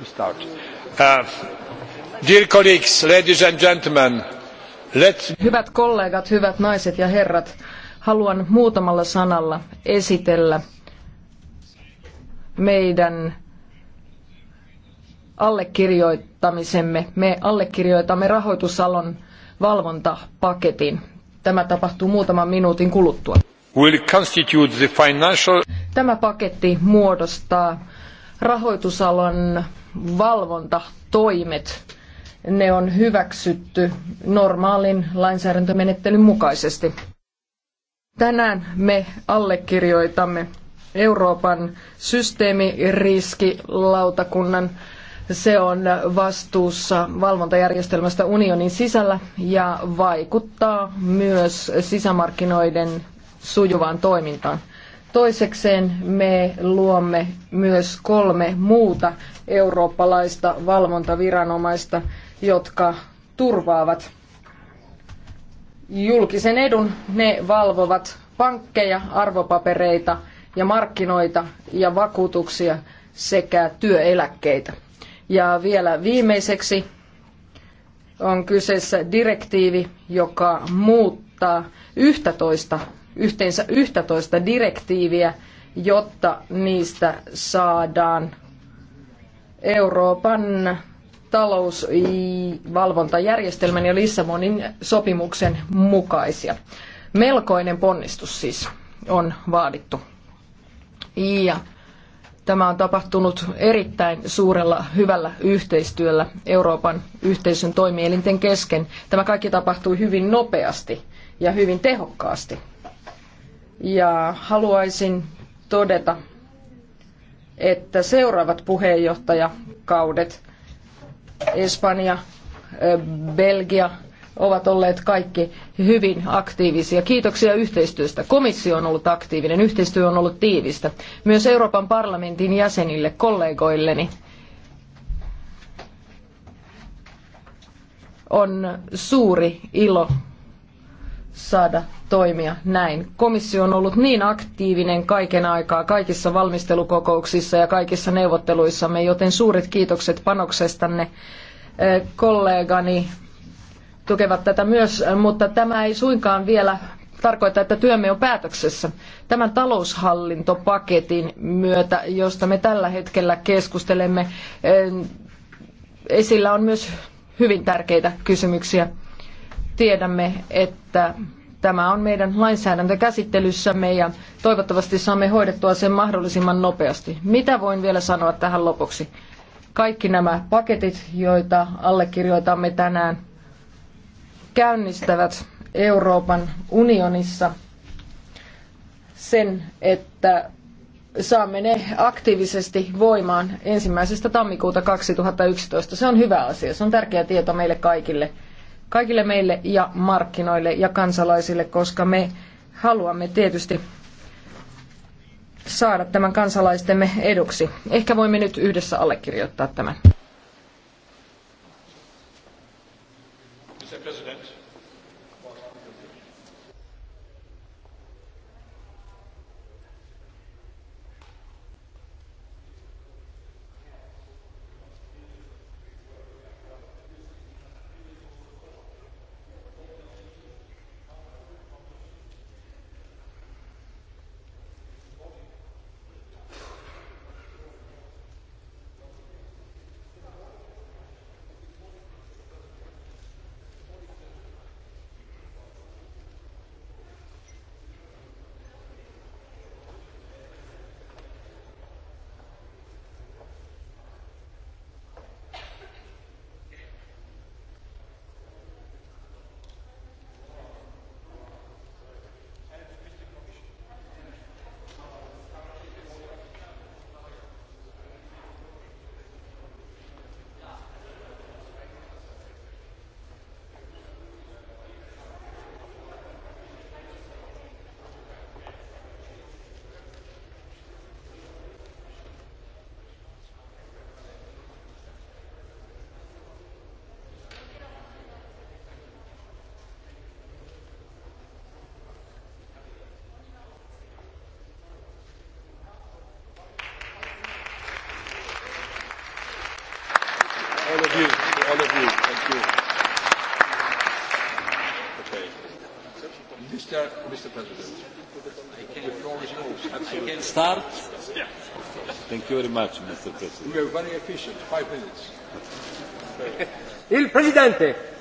Uh, hyvät kollegat, hyvät naiset ja herrat, haluan muutamalla sanalla esitellä meidän allekirjoittamisemme. Me allekirjoitamme rahoitusalon valvontapaketin. Tämä tapahtuu muutaman minuutin kuluttua. Tämä paketti muodostaa rahoitusalan valvontatoimet. Ne on hyväksytty normaalin lainsäädäntömenettelyn mukaisesti. Tänään me allekirjoitamme Euroopan systeemiriskilautakunnan se on vastuussa valvontajärjestelmästä unionin sisällä ja vaikuttaa myös sisämarkkinoiden sujuvaan toimintaan. Toisekseen me luomme myös kolme muuta eurooppalaista valvontaviranomaista, jotka turvaavat julkisen edun. Ne valvovat pankkeja, arvopapereita ja markkinoita ja vakuutuksia sekä työeläkkeitä. Ja vielä viimeiseksi on kyseessä direktiivi, joka muuttaa 11 yhteensä 11 direktiiviä, jotta niistä saadaan Euroopan talousvalvontajärjestelmän ja Lissabonin sopimuksen mukaisia. Melkoinen ponnistus siis on vaadittu. Ja tämä on tapahtunut erittäin suurella hyvällä yhteistyöllä Euroopan yhteisön toimielinten kesken. Tämä kaikki tapahtui hyvin nopeasti ja hyvin tehokkaasti. Ja haluaisin todeta, että seuraavat puheenjohtajakaudet Espanja, Belgia ovat olleet kaikki hyvin aktiivisia. Kiitoksia yhteistyöstä. Komissio on ollut aktiivinen, yhteistyö on ollut tiivistä. Myös Euroopan parlamentin jäsenille, kollegoilleni on suuri ilo saada toimia näin. Komissio on ollut niin aktiivinen kaiken aikaa kaikissa valmistelukokouksissa ja kaikissa neuvotteluissamme, joten suuret kiitokset panoksestanne kollegani tukevat tätä myös, mutta tämä ei suinkaan vielä tarkoita, että työmme on päätöksessä. Tämän taloushallintopaketin myötä, josta me tällä hetkellä keskustelemme, esillä on myös hyvin tärkeitä kysymyksiä tiedämme, että tämä on meidän lainsäädäntökäsittelyssämme ja toivottavasti saamme hoidettua sen mahdollisimman nopeasti. Mitä voin vielä sanoa tähän lopuksi? Kaikki nämä paketit, joita allekirjoitamme tänään, käynnistävät Euroopan unionissa sen, että saamme ne aktiivisesti voimaan ensimmäisestä tammikuuta 2011. Se on hyvä asia, se on tärkeä tieto meille kaikille kaikille meille ja markkinoille ja kansalaisille, koska me haluamme tietysti saada tämän kansalaistemme eduksi. Ehkä voimme nyt yhdessä allekirjoittaa tämän. all of you. To all of you. Thank you. Okay. Mr. Mr. President, the floor is yours. Absolutely. I can start. Yeah. Thank you very much, Mr. President. We are very efficient. Five minutes. Il Presidente.